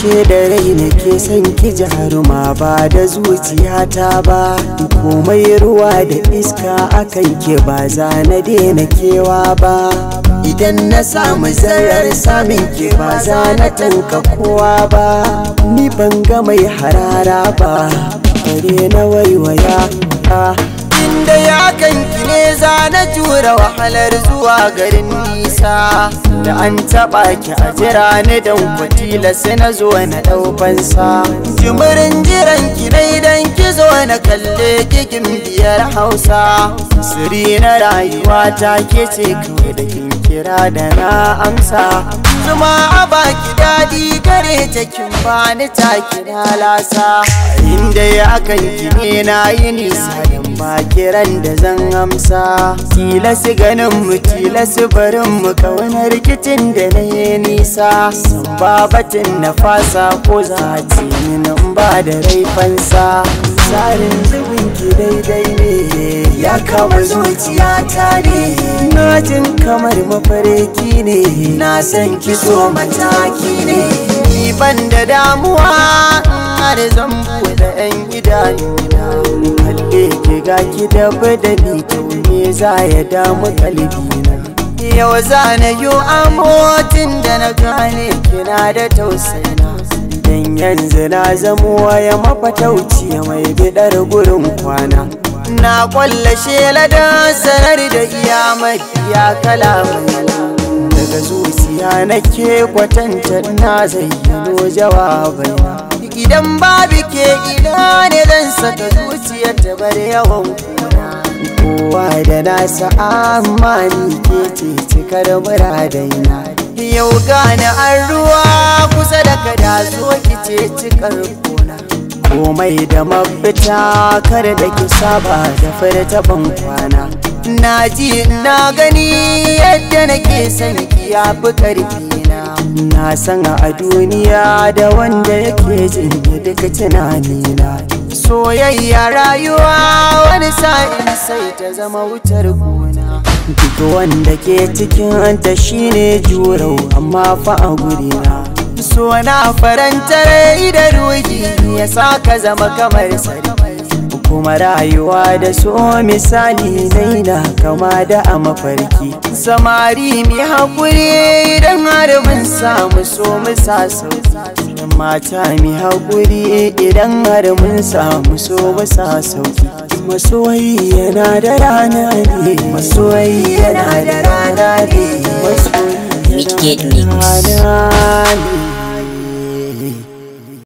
she da rai nake son ki jaruma ba da zuciyata ba komai ruwa da iska akan ke ba za na daina kewa ba idan na samu zarar samin ke ba za na tanka kowa ba ni ban ga mai harara ba kare na waiwaya inda ya ki ne za na jura wahalar zuwa garin nisa da an taɓa ki a jira ni dan kwatila sai na zo na sa jimirin jiran ki ne dan ki zo na kalle kigin biyar hausa siri na rayuwa ta ke ce kawai da kin kira da na amsa zuma a baki daɗi gare ta kin bani ta kira lasa inda ya ki ne na yi nisa da ba kiran da zan amsa Tilasi su ganin mu kila su barin mu rikicin da na yi nisa babatin na fasa ko za ce ba da fansa tsarin zubin ki daidai ne ya kama zuciya ta ne na jin kamar mafarki ne na san ki so mataki ne ban da damuwa har zan buɗe ɗan idanuna kalle ki ga ki da badali to me za ya damu kalbina yau za na yi amotin da na gane kina da tausayina dan yanzu na zamo waya mafatauci mai bidar gurin kwana na kwalla shela da sanar da iya mafiya kalamana daga zuciya na ke kwatanta na jawabai jawabaina idan babu ke ina ne zan saka zuciyar ta bar yawan kuna kowa da nasa amani ke ce da muradaina yau gane an ruwa kusa da kada zo ki ce cikar kuna komai da mafita kar da ki saba da furta ban kwana na ji na gani yadda nake son ki ya fi karfi na san a duniya da wanda yake jin duka tunanina soyayya rayuwa wani sa'in sai ta zama wutar gona duk wanda ke cikin ta shine jurau amma fa a gurina so na faranta rai da ruhi ya sa ka zama kamar sarki kuma rayuwa da so misali zaina kama da a mafarki samari mai haƙuri idan harbin samu so musa sauki mata mai haƙuri idan harbin samu so musa sauki masoyi yana da rana ne masoyi na da rana ne masoyi yana da rana ne